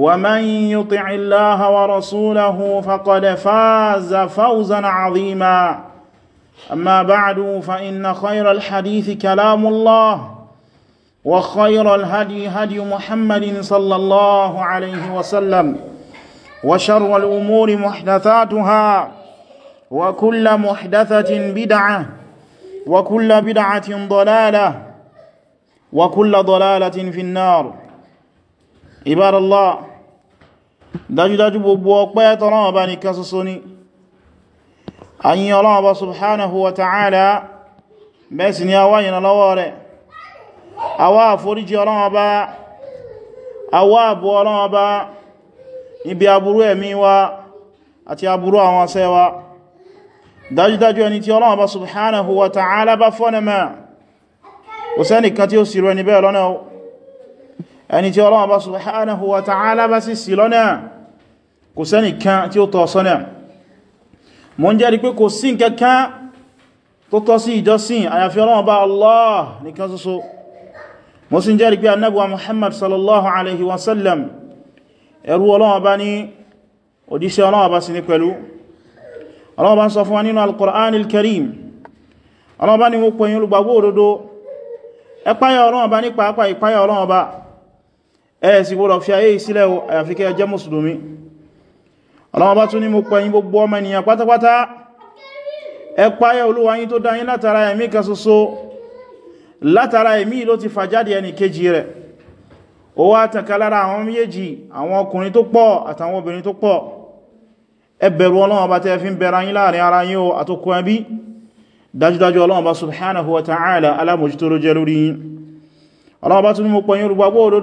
ومن يطع الله ورسوله فقد فاز فوزا عظيما أما بعد فإن خير الحديث كلام الله وخير الهدي هدي محمد صلى الله عليه وسلم وشر الأمور محدثاتها وكل محدثة بدعة وكل بدعة ضلالة وكل ضلالة في النار Ibadallah dájúdájú gbogbo ọpẹ́ tọ́lọ́wọ́ bá nìkan ṣoṣo ni a yìn Ọlọ́run Ọba subhanahu wa ta'ala bẹ́ẹ̀ sì ni a wá ìyìn lọ́wọ́ rẹ̀ a wá àforíjì Ọlọ́run Ọba a wá àbú Ọlọ́run Ọba níbi aburú ẹ̀mí wa àti aburú àwọn ṣẹ́ wa dájúdájú ẹni tí Ọlọ́run Ọba subhanahu wa ta'ala bá fọ́nà mẹ́ ẹni tí Ọlọ́run bá subhanahu wa ta'ala bá sì sí lọ́nà kò sẹ́ni kan tí ó tọ́ sọ́nà mo ń jẹ́rìí pé kò sí nǹkankan tó tọ́ sí ìjọsìn àyàfi Ọlọ́run bá Allah nìkan ṣoṣo mo sì ń jẹ́rìí pé Ànábì Muhammad sallallahu alaihi wasallam ẹrú Ọlọ́run bá ní òdíṣẹ́ Ọlọ́run bá ẹ sì gbọ́dọ̀ fi ayé ìsílẹ̀ àyàfi kẹ́ jẹ́ mùsùlùmí Allah bá tún ní mo pẹ̀yìn gbogbo ọmọ ènìyàn pátápátá ẹ páyẹ Olúwa yín tó dá yín látara ẹ̀mí kan ṣoṣo látara ẹ̀mí ló ti fàjáde ẹnì kejì rẹ̀ ó wá tànkà lára àwọn méjèèjì àwọn ọkùnrin tó pọ̀ àtàwọn obìnrin tó pọ̀ ẹ bẹ̀rù bá tún ní mo pẹ̀yìn olùgbàgbọ́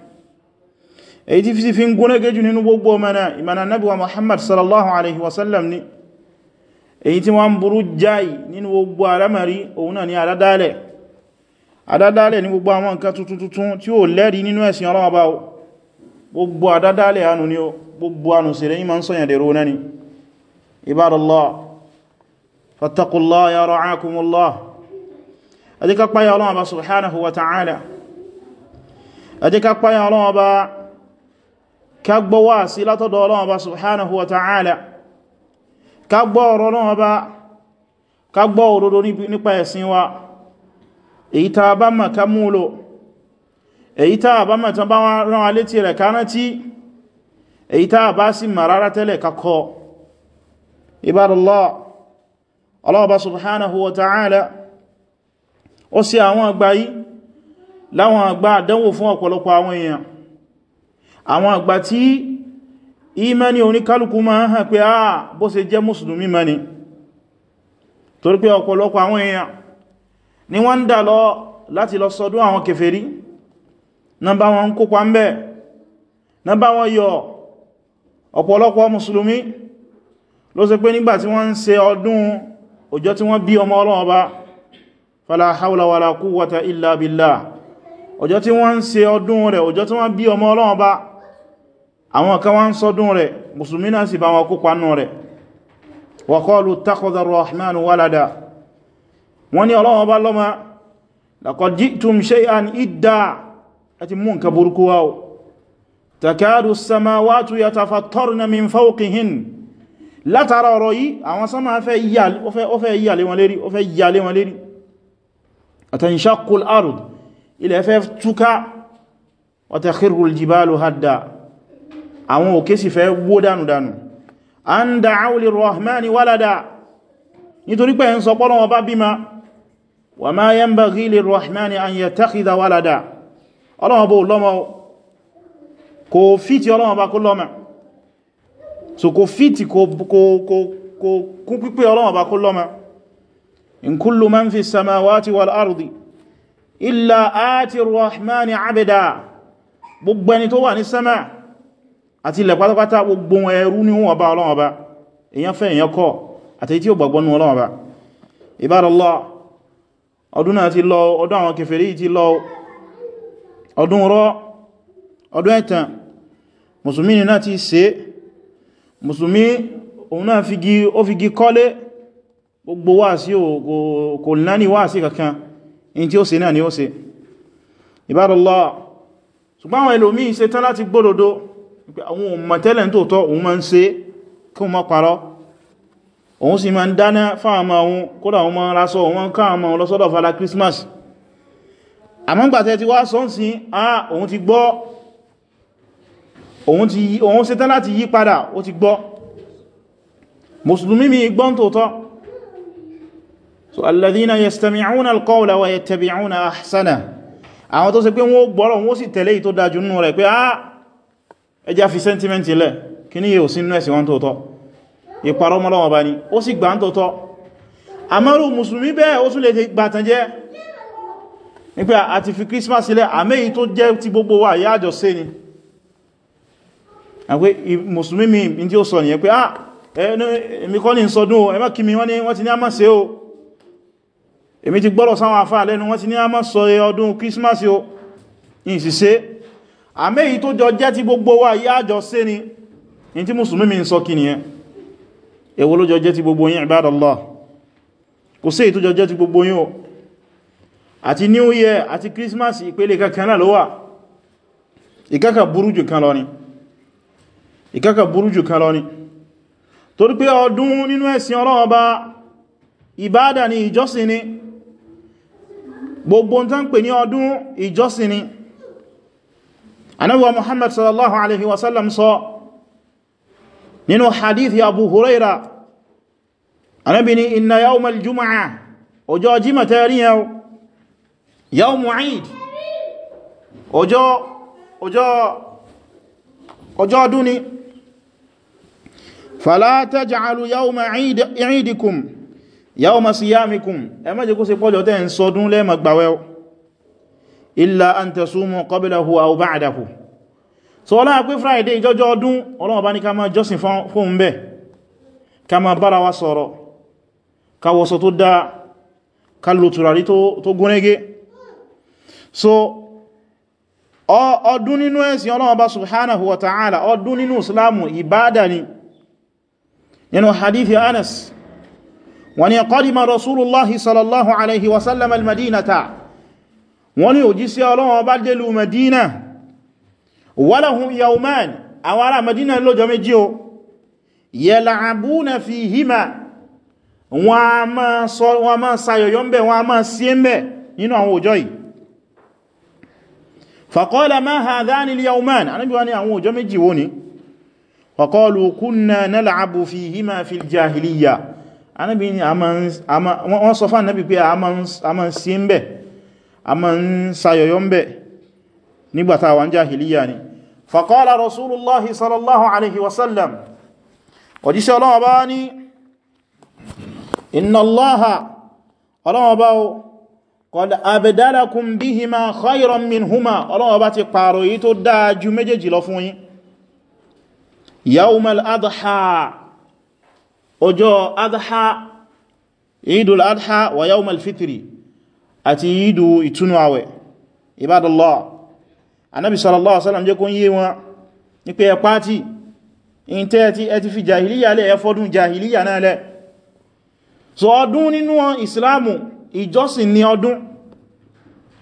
èyí tí fi fi ń gúnrẹ́gẹ́ jù nínú gbogbo ọmọdá ìmọ̀nà nábíwa Muhammad sallallahu alaihi wasallam ni èyí tí wọ́n burú jáì nínú gbogbo alamari òun náà ni àdádálẹ̀ àdádálẹ̀ ní gbogbo àwọn nǹkan tuntun tuntun tí ó lẹ́rí nínú ẹ̀sìn Ọlọ́run bá gbogbo àdádálẹ̀ anu ni ó gbogbo anu sì rẹ̀yìn ma ń sọ̀yàn dèrò náà ni ibadallah fattaqullah ká gbọ́ wáàsí látọ̀dọ̀ Ọlọ́run Ọba subhanahu wa ta'ala ká gbọ́ ọ̀rọ̀ Ọlọ́run Ọba ká gbọ́ òdodo nípa ẹ̀sìn wa èyí tá bá mọ̀ ká múlò èyí tá bá mọ̀ tán bá rán alétí rẹ̀ ká èyí tá bá sì mọ̀ rárá tẹ́lẹ̀ ká ibadallah Ọlọ́run Ọba subhanahu wa ta'ala àwọn àgbà tí ìmẹ́ni oníkálùkù máa ń hàn pé àà ah, bó ṣe jẹ́ mùsùlùmí mẹ́ni torí pé ọ̀pọ̀lọpọ̀ àwọn èèyàn ni wọ́n ń dà lọ láti lọ sọdún àwọn kèfèrí na bá wọn kópa ń bẹ̀ na bá wọn yọ ọ̀pọ̀lọpọ̀ mùsùlùmí ló ṣe pé nígbà tí wọ́n ń ṣe ọdún ọjọ́ tí wọ́n bí ọmọ Ọlọ́run Ọba fala hawla wala quwwata illa billah ọjọ́ tí wọ́n ń ṣe ọdún rẹ̀ ọjọ́ tí wọ́n bí ọmọ Ọlọ́run Ọba àwọn kan wá ń sọdún rẹ̀ musulmi náà sì bá wọn kó panú rẹ̀ wa qalu takhadha rahman walada wọ́n ní Ọlọ́hun bá lọ́mà laqad ji'tum shay'an idda àti mú nǹkan burúkú wá takadu samawatu yatafattarna min fawqihin látara ọ̀rọ̀ yìí àwọn sánmà fẹ́ yàlé wọn wọn lérí àwọn òkè sì fẹ́ wó dánudánù an da'aw lirrahmani walada nítorí pé ń sọ pé Ọlọ́run Ọba bímọ wa ma yanbaghi lirrahmani an yattakhidha walada Ọlọ́run Ọba lọ́mọ kò fìtì Ọlọ́run Ọba kó lọ́mọ so kò fìtì kò kún pípé Ọlọ́run Ọba kó lọ́mọ in gbogbo ẹni tó wà ní sama àti ilẹ̀ pátápátá gbogbo ẹrú ní wọ́n bá Ọlọ́run Ọba èyàn fẹ́ èyàn kọ́ àti tí ó gbàgbọ́ nú Ọlọ́run Ọba Ibadallah ọdún náà ti lọ ọdún àwọn kèfèrí ti lọ ọdún rọ́ ọdún ẹ̀tàn mùsùlùmí ni náà ti ṣe mùsùlùmí òun náà ó fi gí kọ́lé gbogbo wá sí kò náà wá sí kankan in tí ó ṣe náà ni ó ṣe Ibadallah ṣùgbọ́n àwọn ẹlòmí ṣe tán láti gbódòdó àwọn òmọ̀tẹ́lẹ̀ tó tọ́ òun ma ń ṣe kí wọ́n má òun sì ma ń dáná fáàmà òun kódà òun ma ń rásọ òun ma ń káàmà òun lọ́sọ́dọ̀ fàlá Christmas àmọ́gbàtẹ́ ti wá sọ́nsí a òun ti gbọ́ òun ṣetán láti yí padà ó ti gbọ́ àwọn tó ṣe pé wọ́n gbọ́rọ̀ wọ́n sì tẹ̀lé ì tó dájú nínú rẹ̀ pé ah ẹjá fi sẹ́ntímẹ́ntì lẹ̀ kí ní yíò sínú ẹ̀sìn wọn tóótọ́ ìparọ́ mọ́lọ́wọ́ bá ní ó sì gbà ń tóótọ́ àmọ́rù mùsùlùmí bẹ́ẹ̀ ó tún lè gbàtàn jẹ́ ní pé a ti fi Christmas sílẹ̀ àmẹ́yí tó jẹ́ ti gbogbo wa yá àjọ sí ni àpé mùsùlùmí mi tí ó sọ nìyẹn pé ah èmi kọ́ ní sọdún ẹ má kí mi wọ́n ti ní a má ṣe o èmi ti gbọ́rọ̀ sáwọn afá lẹ́nu wọ́n ti ní a má sọ ọdún Christmas o ìsìsẹ́ àmẹ́ èyí tó jọ jẹ́ ti gbogbo wa yí àjọ sí ni in tí mùsùlùmí mi ń sọ kí nìyẹn èwo ló jọ jẹ́ ti gbogbo yín ibadallah kò sí èyí tó jọ jẹ́ ti gbogbo yín o àti new year àti christmas ìpele kankan náà ló wà ìkaka burú jù kan lọ ni ìkaka burú jù kan lọ ni torí pé ọdún nínú ẹ̀sìn Ọlọ́run Ọba ìbádà ni ìjọsìn ni gbogbo ń tán pè ní ọdún ìjọsìn ni anábíwa muhammad sallallahu alaihi wasallam sọ nínú hadithi abu huraira anábí ni inna yawmal juma'a ọjọ́ jima ta yari yau yawmu eid ọjọ́ ọjọ́ ọjọ́ ọdún falata ja'alu taj'alu yawma eidikum yawma siyamikum ẹ má jẹ́ kó ṣe pọ́jọ́ tẹ́ ń sọdún lẹ́mọ̀ gbàwẹ́ illa an tasumu qablahu aw ba'dahu so ọlọ́wọ́ pé friday ìjọjọ́ ọdún ọlọ́wọ́ bá ní ká máa jọ́sìn fún bẹ́ ká máa bára wa sọ̀rọ̀ ká wọṣọ tó dáa ká lò tùràrí tó gúnrégé so ọdún nínú ẹ̀sìn ọlọ́wọ́ bá subhanahu wa ta'ala ọdún nínú islamu ìbádà ni nínú hadithi anas wani qadima rasulullahi sallallahu alaihi wasallam al-madinata wani òjísí ọlọ́wọ́ bá délù madina walahum yawman àwọn ará Madina lọ́jọ́ méjì o yal'abuna fihima wọ́n a máa sọ wọ́n a máa sayọ̀yọ́ ń bẹ̀ wọ́n a máa sí ń bẹ̀ nínú àwọn ọjọ́ yìí faqala ma hadhani al-yawman Ànábì wá ní àwọn ọjọ́ méjì wo ni faqalu kunna nal'abu fihima fil jahiliya Ànábì ní wọ́n sọ a máa ń sayọ̀yọ́ ń bẹ̀ nígbàtà wà ń jahiliya ni faqala rasulullahi sallallahu alaihi wasallam òjíṣẹ́ ọlọ́wọ́ bá ní inna allaha ọlọ́wọ́ bá o qad abdalakum bihima khayran minhuma ọlọ́wọ́ bá ti pààrọ̀ yí tó dáa ju méjèèjì lọ fún yín yawmal adha ọjọ́ adha idul adha wa yawmal fitri àti idu ìtúnu àwẹ̀ ibadallah anábi sallallahu alaihi wasallam jẹ́ kó yé wọn ní pé ẹpá tí in tẹ́ ti ẹ ti fi jahiliya lẹ́ ẹfọ́dún jahiliya náà lẹ́ so ọdún nínú islamu ìjọsìn ni ọdún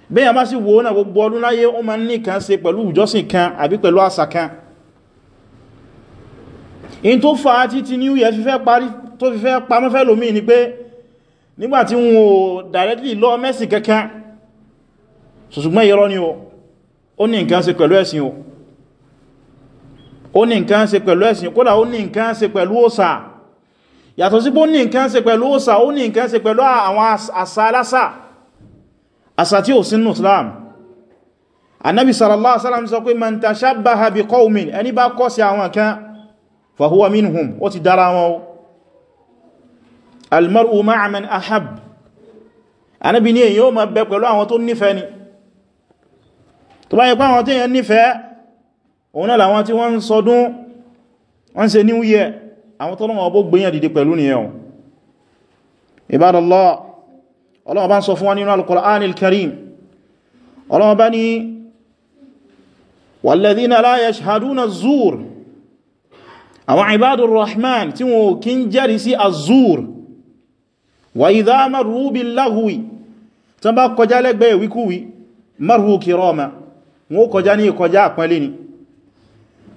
bí a bá sì wo náà gbogbo ọdún láyé ó ma ní kan ṣe pẹ̀lú ìjọsìn kan àbí pẹ̀lú àṣà kan in tó fa títí new year fi fẹ́ parí tó fi fẹ́ pamọ́fẹ́ lómi ni pé nígbàtí wọn ò directly lọ mẹ́sì kankan ṣùgbọ́n ìrọ́ ni o ó ní nǹkan ṣe pẹ̀lú ẹ̀sìn o ó ní nǹkan ṣe pẹ̀lú ẹ̀sìn kódà ó ní nǹkan ṣe pẹ̀lú òsà yàtọ̀ sí pé ó ní nǹkan ṣe pẹ̀lú òsà ó ní nǹkan ṣe pẹ̀lú àwọn àṣà alásà àṣà tí ò sínú Islam Ànábì sallallahu alaihi wasallam èyí ó máa bẹ pẹ̀lú àwọn tó nífẹ̀ẹ́ ni tó bá yẹ pé àwọn tí yẹn nífẹ̀ẹ́ òun náà làwọn tí wọ́n ń sọdún wọ́n ṣe new year àwọn tọ́lọ́wọ́ ọbó gbéyàn dìde pẹ̀lú nìyẹn Ibadallah Ọlọ́run bá ń sọ fún wa nínú al-Qur'an al-Karim Ọlọ́run bá ní walladhina la yashhaduna àwọn ibadur rahman tí wọ́n kí ń jẹ́rì sí az-zur wa idha marru bil bá kọjá lẹ́gbẹ̀ẹ́ wíkúwí marru kirama wọ́n kọjá ní ìkọjá àpọ́nlé ni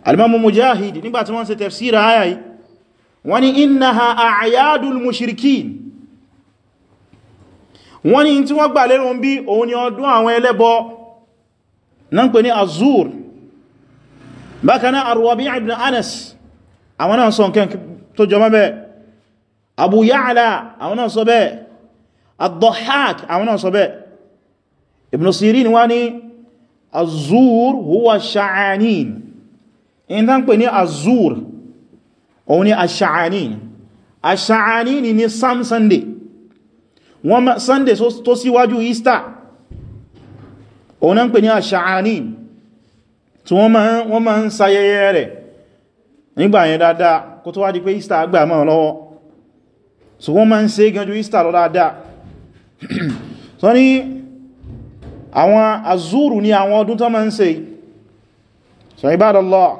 alimamu mujahid nígbàtí wọ́n ṣe tafsira aya yìí wọ́n ní innaha a'yadul mushrikin wọ́n ní tí wọ́n gbà lérò ń bí òun ni ọdún àwọn ẹlẹ́bọ náà pè ní azur bákaná arwabi ibn anas àwọn náà sọ nǹkan tó jọ mọ́bẹ̀ abu ya'la àwọn náà sọ bẹ́ẹ̀ ad àwọn náà sọ bẹ́ẹ̀ ibn sirin wá azúr huwa sha'anin in tán pè ní azúr òun ni asha'anin asha'anin ni sam sunday wọ́n sunday tó síwájú easter òun náà pè ní asha'anin tí wọ́n ma ń sayẹyẹ rẹ̀ nígbà yẹn dáadáa kó tó wá di pé easter agbà mọ́ lọ́wọ́ so wọ́n ma ń gan ju easter lọ dáadáa so ni àwọn azúrù ní àwọn ọdún tó máa ń ṣe so ibadallah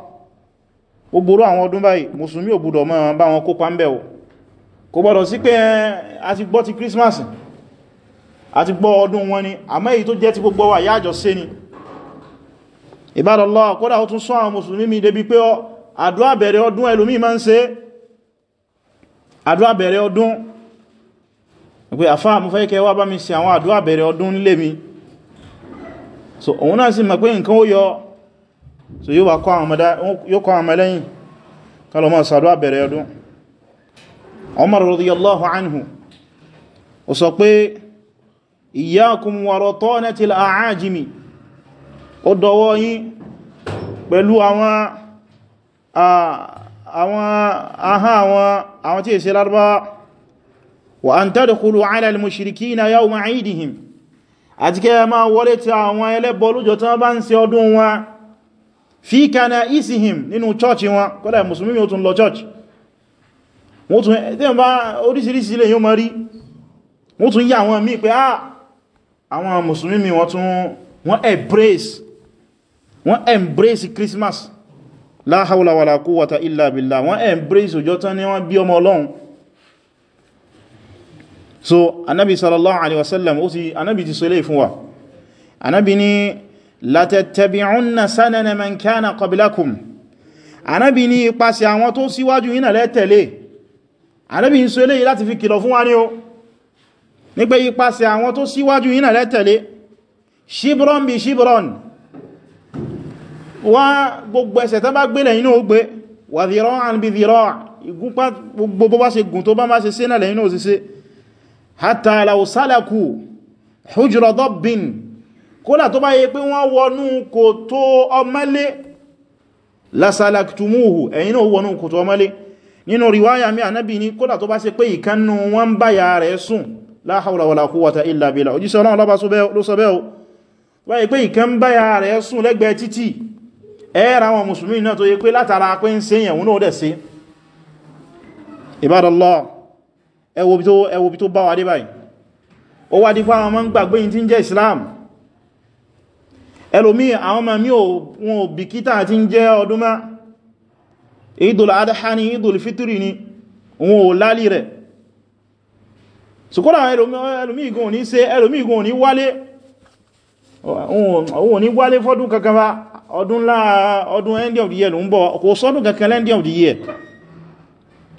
ó gbòrò àwọn ọdún báyìí mùsùlùmí ò gbọ́dọ̀ máa bá wọn kópa ń bẹ̀wò kò gbọ́dọ̀ sí pé a ti gbọ́ ti Christmas a ti gbọ́ ọdún wọn ni àmọ́ èyí tó jẹ́ ti gbogbo wa yájọ sí ni ibadallah kódà ó tún sọ àwọn mùsùlùmí mi débi pé àdúrà bẹ̀rẹ̀ ọdún ẹlòmí máa ń ṣe àdúrà bẹ̀rẹ̀ ọdún pé àfáà mo fẹ́ kẹ́ wá bá mi ṣe àwọn àdúrà bẹ̀rẹ̀ ọdún lé mi so òun náà sì mọ̀ nǹkan ó yọ so yóò wà kọ́ àmà lẹ́yìn kálọ̀ máa sàdọ́ àbẹ̀rẹ̀ ọdún Umar radiyallahu anhu ó sọ pé iyyakum wa ratanatil a'ajimi ó dọwọ́ yín pẹ̀lú àwọn ahá àwọn tí è ṣe lárúbá wa an àti kẹ́ ẹ máa wọlé ti àwọn ẹlẹ́bọ lọ́jọ́ tí wọ́n bá ń ṣe ọdún wọn fi kana isihim nínú chọ́ọ̀chì wọn kọ́lá mùsùlùmí ó tún lọ chọ́ọ̀chì wọ́n tún ẹ̀tẹ́ bá orísìírísìí lè yóò mọ́ rí wọ́n tún yà wọn mí pé ah, àwọn mùsùlùmí wọ́n tún wọ́n embrace wọ́n embrace Christmas la hawla wala illa billah wọ́n embrace ọjọ́ tán ni wọ́n bí ọmọ Ọlọ́run so anabi sallallahu alaihi wasallam ó ti anabi ti sole fún wa anabi ní latattabi'unna sanana man kana qablakum anabi ní ipasẹ̀ àwọn tó síwájú yín náà lẹ tẹ̀lé anabi ń sole yìí láti fi kìlọ̀ fún wa ní o ní pé ipasẹ̀ àwọn tó síwájú yín náà lẹ tẹ̀lé shibron bi shibron wa gbogbo ẹsẹ̀ tán bá gbélẹ̀ inú ó gbé wa dhira'an bi dhira' ìgúnpá gbogbo bá ṣe gùn tó bá má ṣe sé náà lẹ́yìn náà ó sì ṣe hatta law salaku hujra dabbin kódà tó bá yẹ pé wọ́n wọnú kòtò ọmọlé lásàlàktumuhu ẹ̀yin náà wọnú kòtò ọmọlé nínú riwaya mi ànábì ní kódà tó bá ṣe pé ìkannú wọn bá yà rẹ̀ sùn la hawla wala quwwata illa billah òjíṣẹ́ Ọlọ́run ló sọ bẹ́ẹ̀ wá yẹ pé ìkan bá yà rẹ̀ sùn lẹ́gbẹ̀ẹ́ títì ẹ́ra wọn mùsùlùmí náà tó yẹ pé látara pé ń ṣe yẹ̀wọ̀n náà dẹ̀ sí ibadallah ẹ wo bí tó bá wà dé báyìí ó wá di fáwọn ọmọ ń gbàgbé yìí tí ń jẹ́ Islam ẹlòmí àwọn ọmọ mi wọn ò bìkítà tí ń jẹ́ ọdún má Idul Adha ni Idul Fitri ni wọn ò lálì rẹ̀ ṣùkọ́dà ẹlòmí igun òní ṣe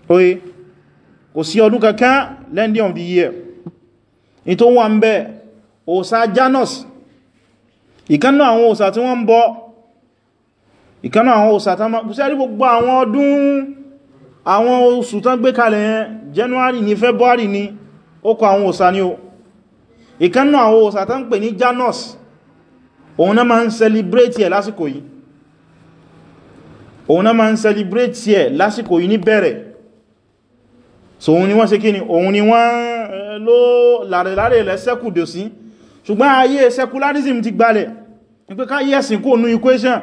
oye kò sí ọdún kankan lending of the year ní tó wà ń bẹ òsà Janus ìkánná àwọn òsà tí wọ́n ń bọ ìkánná àwọn òsà tán máa pùsẹ́ rí gbogbo àwọn ọdún àwọn oṣù tán gbé kalẹ̀ yẹn January ní February ní ó kọ àwọn òsà ní o ìkánná àwọn òsà tán pè ní Janus òun náà máa ń celebrate ẹ̀ lásìkò yìí òun náà máa ń celebrate ẹ̀ lásìkò yìí ní bẹ̀rẹ̀ so òun ni wọ́n ṣe kíni òun ni wọ́n ló lárẹ̀lárẹ̀ ilẹ̀ sẹ́kùdò sí ṣùgbọ́n ayé secularism ti gbalẹ̀ nípé ká yẹ́sìn kó nú equation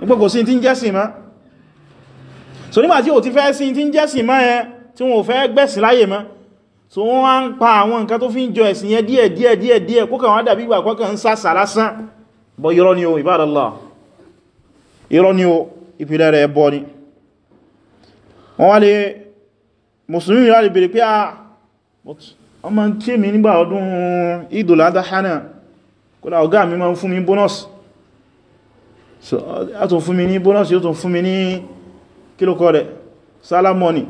nípé kò sí tí ń jẹ́sìn má so nígbàtí ò ti fẹ́ sí tí ń jẹ́sìn má ẹ tí wọ́n fẹ́ gbẹ̀sìn láyè má so wọ́n wá ń pa àwọn nǹkan tó fi ń jọ ẹ̀sìn yẹn díẹ̀ díẹ̀ díẹ̀ díẹ̀ kó kàn wá dàbí ìgbà kọ́kàn ń sàsà lásán bọ́ irọ́ ni o ìbádọ́lá irọ́ ni o ìpìlẹ̀ rẹ̀ bọ́ ni wọ́n wá lè mùsùlùmí mi láti bèèrè pé a ọmọ tí mi nígbà ọdún Eidul Adha náà kódà ọ̀gá mi máa ń fún mi bónọ́sì a tún fún mi ní bónọ́sì yóò tún fún mi ní kílòkọ́ rẹ̀ salamoni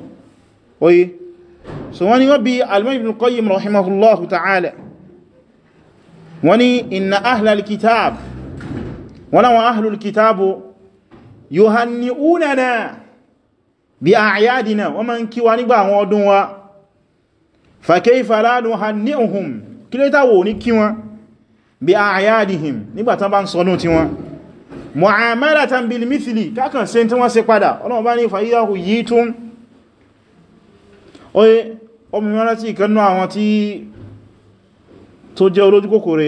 oye so wani wọ́n bí al-Imam Ibn Qayyim ta'ala wani inna ahlal kitab wọ́n láwọn ahlul kitabu yuhanni'unana bí àyádìna wọ́n ma ń kí wa nígbà àwọn ọdún wa fàkẹ́ ìfàlánù ha ní ohun kí lé tàwò ní kí wọn bí àyádìhìm nígbàtán bá ń sọ́nù tí wọn mu'amalatan bil mithli kákan se tí wọ́n ṣe padà ọlọ́run bá ní fàyíyàhù yìí tún oye ọmọmọ́lá tí ìkanú àwọn tí tó jẹ́ olójú kòkòrò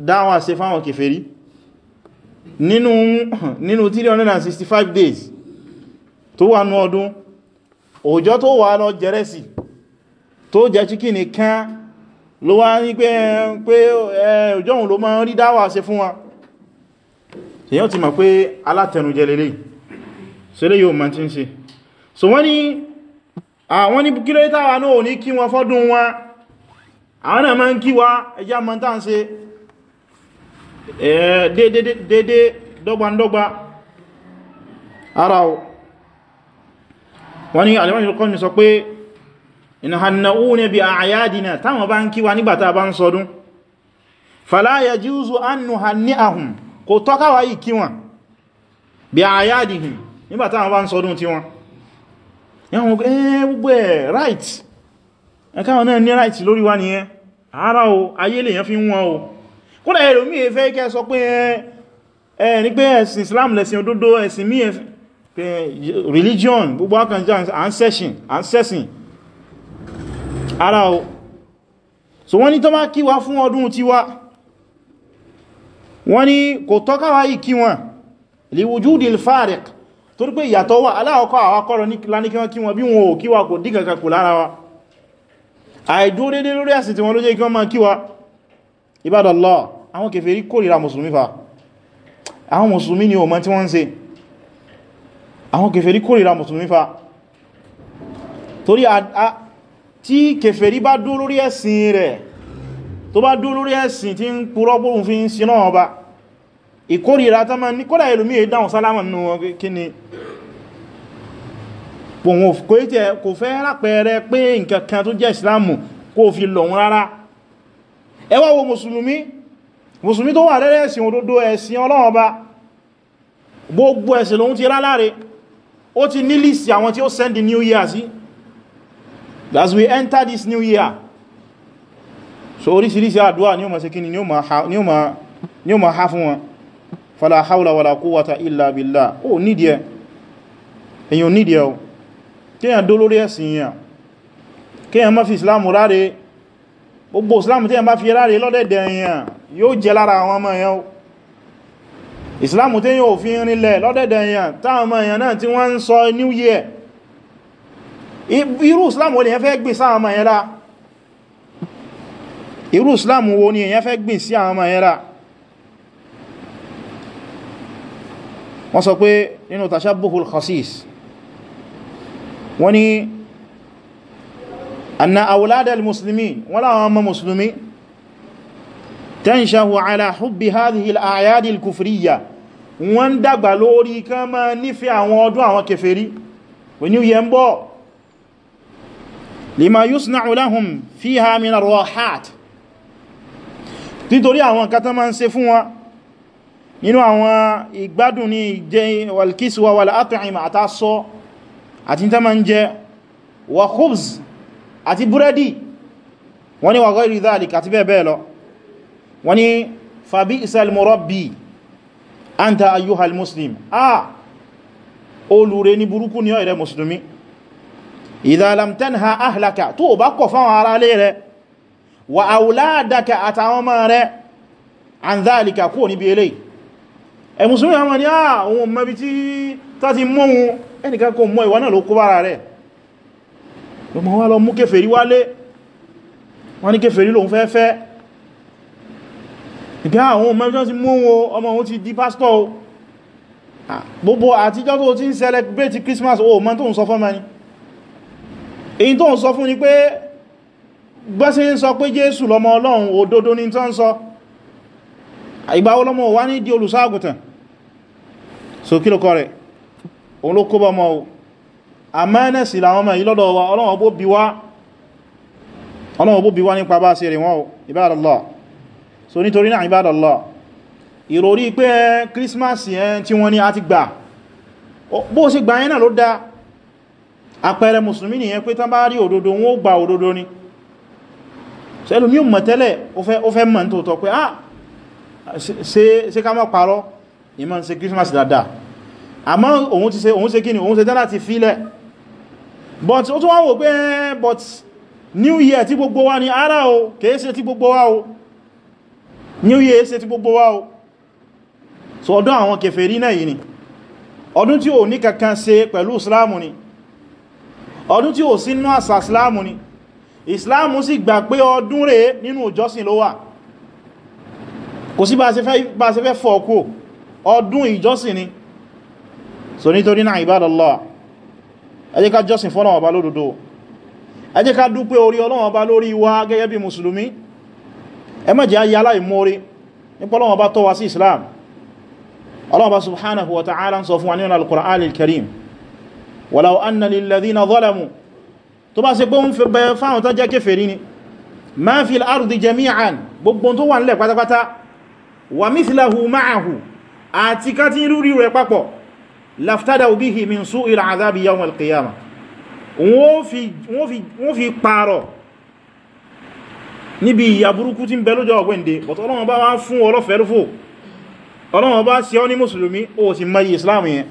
dáwà se fáwọn kèfèrí nínú 365 days tó wà ní ọdún òjò tó wà lọ jẹrẹsì tó jẹ chíkìnì kan ló wá ní pé òjò òun ló máa ń rí dáwà ṣe fún wa èyàn ti mọ̀ pé alátẹnujẹ lélẹ̀ sílẹ̀ yóò máa ti ń so wọ́n ni àwọn ní kílẹ̀ tàwà náà ní kí wọn fọ́dún wa àwọn náà máa ń kí wa ẹjá dédé eh, dọ́gbandọ́gba ara o wani ni alimọ́jọ́ sọ pé ina ne bi a ayadina táwọn bá ń kíwa nígbàtà bá ń sọdún fala yajuzu an nuhanni'ahum kò tọ́kawa yìí kíwọn bí a ayadihim nígbàtà wọn bá ń sọdún tí wọn yàwọn eh, gbogbo right ẹ̀káwọn náà ní right lórí wá nìyẹn ara o ayé fi ń wọn kódà ẹlòmí ẹfẹ́ kẹ́ sọ pé ẹ ní pé ẹ̀sìn Islam lẹ̀sìn òdodo ẹ̀sìn mí pé religion gbogbo akànjá ancestion ara o so wọ́n ní tó bá kí wa fún ọdún tiwa wọ́n ní kò tọ́káwà yìí kí wọn li wujudil fariq torí pé ìyàtọ̀ wà aláwọ̀kọ́ àwọ́kọ́rọ̀ ní láníkíwọ́n kí wọn bí wọn ò kíwà kò dígàkà lára wa àìdúró dédé lórí àsìtí wọn ló jẹ́ kí wọ́n máa kíwà Ibadallah àwọn kèfèrí kórìíra mùsùlùmí fa àwọn mùsùlùmí ni ọmọ tí wọ́n ń ṣe àwọn kèfèrí kórìíra mùsùlùmí fa torí tí kèfèrí bá dó lórí ẹ̀sìn rẹ̀ tó bá dó lórí ẹ̀sìn tí ń púrọ́ sin náà ọba ìkórìíra tó máa ní kódà ẹlòmí è dáhùn sálámà nínú wọn kí ni pòhun kò fẹ́ rápẹẹrẹ pé nǹkan kan tó jẹ́ ìsìlámù kó fi lọ̀un rárá ẹ wo mùsùlùmí mùsùlùmí tó wà lẹ́rẹ́ ẹ̀sìn òdodo ẹ̀sìn Ọlọ́run Ọba gbogbo ẹ̀sìn lòun ti ráláre ó ti ní lísì àwọn tí ó send the new year sí as we enter this new year so oríṣiríṣi àdúwà ní o ma ṣe kíni ní o ma ha fún wọn fala haula wata quwwata illa billah o nídìí èyàn nídìí ẹ̀ kíyàn dó lórí ẹ̀sìn yẹn kíyàn má fi Islam ráre gbogbo islam tí yẹn bá fi ráre lọ́dẹ̀dẹ̀ èèyàn yóò jẹ lára àwọn ọmọ èèyàn islam tí yóò fi rinlẹ̀ lọ́dẹ̀dẹ̀ èèyàn táwọn ọmọ èèyàn náà tí wọ́n ń sọ new year irú islam wo ni èèyàn fẹ́ gbìn sí àwọn ọmọ èèyàn rá wọ́n sọ pé nínú tashabbuhul khasis wọ́n ni anna awlada al-muslimin wala amma muslimi tanshahu ala hubbi hadhihi al-a'yad al-kufriyya wọ́n dàgbà lórí kan ma nífẹ̀ẹ́ àwọn ọdún àwọn kèfèrí wọ́n ní yẹn bọ̀ lima yusna'u lahum fiha min ar-rahat nítorí àwọn kan tán ma ń ṣe fún wọn nínú àwọn ìgbádùn ní ìjẹ wal kiswa wal at'ima àtàsọ àti tán ma ń jẹ wa khubz àti búrẹ́dì wọ́n ní wa ghayri dhalika àti bẹ́ẹ̀ bẹ́ẹ̀ lọ wọ́n ní fàbí ìsẹ̀lmọ́rọ́bì anta ayyuhal muslim ah olùre ní burúkú ní ọ̀rẹ́ musulmi idha lam tanha ahlaka tó bá kọ̀ fáwọn ará lé rẹ̀ wa auladaka àtàwọn ọmọ rẹ̀ an dhalika kúrò níbi eléyìí ẹ̀ musulmi àwọn ni ah lọ́mọ wá lọ mú kèfèrí wálé wọ́n ní kèfèrí lòun fẹ́ fẹ́ ìgbà àwọn mẹ́jọ́ sí mú wọn ọmọ òun ti di pásítọ̀ o gbogbo àtijọ́ tó ti ń celebrate Christmas o mọ́ tó ń sọ fún mẹ́ni èyí tó ń sọ fún ni pé gbọ́sí ń sọ pé Jésù lọ́mọ Ọlọ́run òdodo ní tán sọ ìgbà wo lọ́mọ wá ní di olùṣọ́ àgùntàn so kí ló kọ rẹ̀ òun ló kó bọ́ mọ́ o àmánà sí làwọn ọmọ ìlọ́dọ̀ wa Ọlọ́run bó bí wá nípa bá sí rẹ̀ wọ́n ìbádàlá so nítorí náà ìbádàlá ìròrí pé Christmas yẹn tí wọ́n ní a ti gbà bó sì gbà yẹn náà ló dá àpẹẹrẹ mùsùlùmí nìyẹn pé tán bá rí òdodo wọn ó gba òdodo ni so ẹlòmí ò mọ̀ tẹ́lẹ̀ ó fẹ́ mọ̀ nítòótọ́ pé ah òun ti ṣe òun ṣe òun ṣe tán láti fílẹ̀ but ó tún wá wò pé but new year tí gbogbo wa ni ara o kìí ṣe tí gbogbo wa o new year ṣe tí gbogbo wa o so ọdún àwọn kèfèrí náà yìí ni ọdún tí ò ní kankan ṣe pẹ̀lú islamu ni ọdún tí ò sí nínú àṣà islamu ni islamu sì gbà pé ọdún rẹ̀ nínú ìjọsìn ló wà kò sí bá ṣe fẹ́ fọ́ ọkú ọdún ìjọsìn ni so nítorí náà ibadallah ẹ jẹ́ ká jọ́sìn fọ́nà ọba lódodo ẹ jẹ́ ká dúpẹ́ orí Ọlọ́run ọba lórí wa gẹ́gẹ́ bí mùsùlùmí ẹ má jẹ́ ayé aláìmórí nípa Ọlọ́run ọba tọ́ wa sí Islam Ọlọ́run ọba subhanahu wa ta'ala ń sọ fún wa nínú al-Qur'an al-Karim walau anna lilladhina zalamu tó bá ṣe pé ń bẹ laftadau bihi min su'il azabi yawm al-qiyamah wọ́n fi wọ́n fi wọ́n fi pààrọ̀ níbi ìyà burúkú tí ń bẹ lọ́jọ́ ọgbẹ́ndé but Ọlọ́run bá wá fún ọlọ́fẹ́ rúfò Ọlọ́run bá ṣe ọ́ ní mùsùlùmí ó sì mọ́ Islam yẹn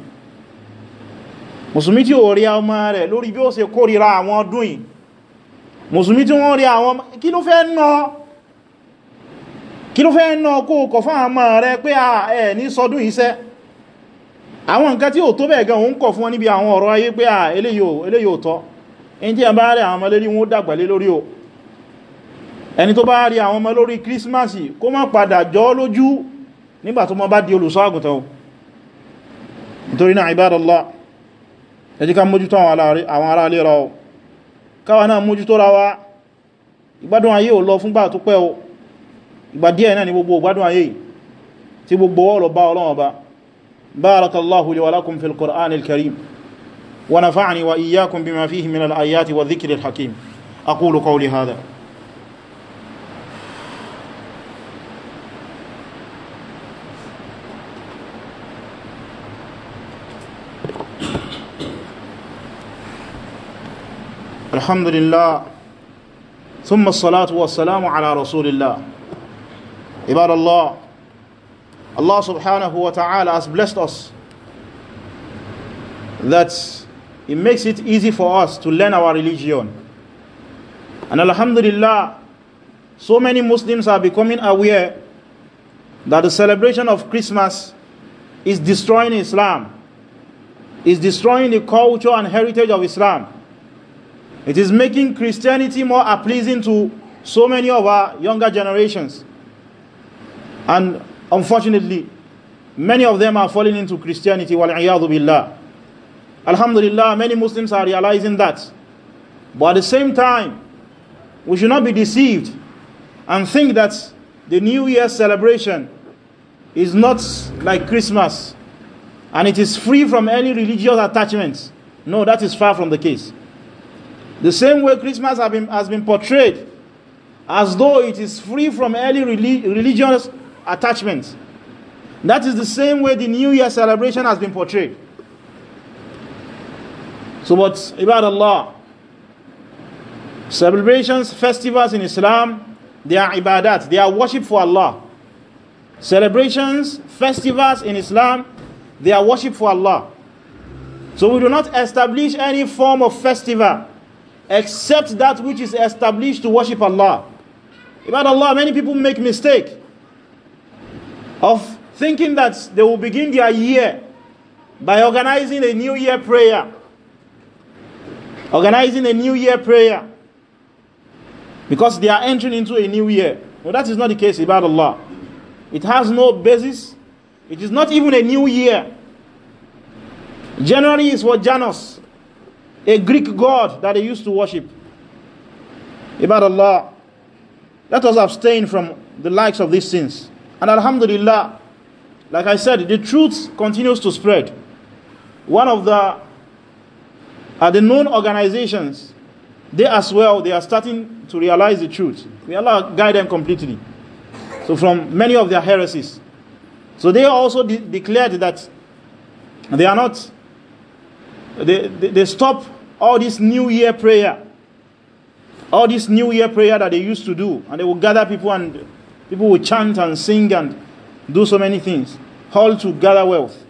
mùsùlùmí tí ó rí ọmọ rẹ̀ lórí bí ó ṣe kórìíra àwọn ọdún yìí mùsùlùmí tí wọ́n rí àwọn kí ló fẹ́ ná kí ló fẹ́ ná kó kọ̀ fáwọn ọmọ rẹ̀ pé à ẹ̀ ní sọdún iṣẹ́ àwọn nǹkan tí ó tó bẹ́ẹ̀ gan òun kọ̀ fún wọn níbi àwọn ọ̀rọ̀ ayé pé à eléyò tọ́ in tí a bá rí àwọn ọmọ lérí wọn dàgbà lé lórí o ẹni tó bá rí àwọn ọmọ lórí Christmas kó má padà jọ lójú nígbà tó mọ bá di olùṣọ́ àgùntàn o nítorí náà ibádọ́lá ẹ jẹ́ ká mójútó àwọn بارك الله لي ولكم في القرآن الكريم ونفعني وإياكم بما فيه من الآيات والذكر الحكيم أقول قولي هذا الحمد لله ثم الصلاة والسلام على رسول الله عباد الله Allah subhanahu wa ta'ala has blessed us that it makes it easy for us to learn our religion. And alhamdulillah, so many Muslims are becoming aware that the celebration of Christmas is destroying Islam, is destroying the culture and heritage of Islam. It is making Christianity more pleasing to so many of our younger generations. And Unfortunately, many of them are falling into Christianity Alhamdulillah, many Muslims are realizing that. But at the same time, we should not be deceived and think that the New Year celebration is not like Christmas and it is free from any religious attachments. No, that is far from the case. The same way Christmas has been, has been portrayed as though it is free from any religious attachments. That is the same way the New Year celebration has been portrayed. So, what about Allah, celebrations, festivals in Islam, they are ibadat, they are worship for Allah. Celebrations, festivals in Islam, they are worship for Allah. So we do not establish any form of festival except that which is established to worship Allah. About Allah, many people make mistake of thinking that they will begin their year by organizing a new year prayer. Organizing a new year prayer. Because they are entering into a new year. Well, that is not the case about Allah. It has no basis. It is not even a new year. January is for Janus, a Greek god that they used to worship. About Allah. Let us abstain from the likes of these sins. And Alhamdulillah, like I said, the truth continues to spread. One of the, uh, the known organizations, they as well, they are starting to realize the truth. May Allah guide them completely. So from many of their heresies. So they also de declared that they are not, they, they, they stop all this New Year prayer. All this New Year prayer that they used to do. And they will gather people and People will chant and sing and do so many things, all to gather wealth.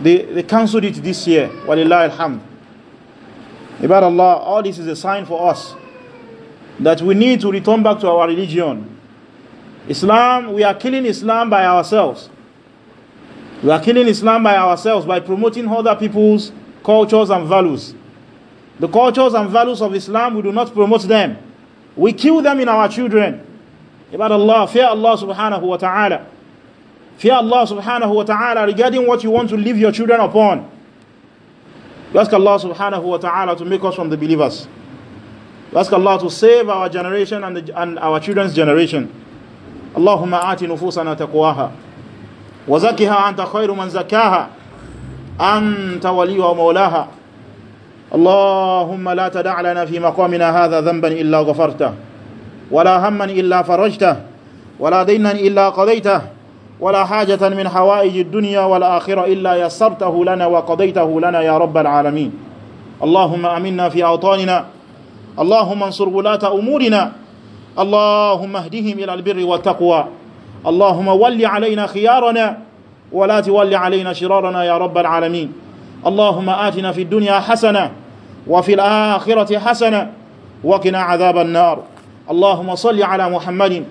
They, they cancelled it this year. Walillah alhamd. About Allah, all this is a sign for us that we need to return back to our religion. Islam, we are killing Islam by ourselves. We are killing Islam by ourselves by promoting other people's cultures and values. The cultures and values of Islam, we do not promote them. We kill them in our children. Allah, fear Allah subhanahu wa ta'ala. Fear Allah subhanahu wa ta'ala regarding what you want to leave your children upon. ask Allah subhanahu wa ta'ala to make us from the believers. ask Allah to save our generation and, the, and our children's generation. Allahumma ati nufusana taqwaha. وزكها zakiha anta من man zakaha. Anta waliwa اللهم لا تدع لنا في مقامنا هذا ذنبا إلا غفرته ولا هما إلا فرجته ولا دينا إلا قضيته ولا حاجة من حوائج الدنيا والآخرة إلا يسرته لنا وقضيته لنا يا رب العالمين اللهم أمنا في أوطاننا اللهم انصر ولاة أمورنا اللهم اهدهم إلى البر والتقوى اللهم ول علينا خيارنا ولا تول علينا شرارنا يا رب العالمين اللهم آتنا في الدنيا حسنة وفي الآخرة حسنة وقنا عذاب النار اللهم صل على محمد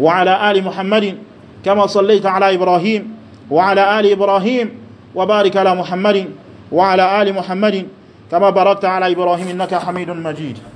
وعلى آل محمد كما صليت على إبراهيم وعلى آل إبراهيم وبارك على محمد وعلى آل محمد كما باركت على إبراهيم إنك حميد مجيد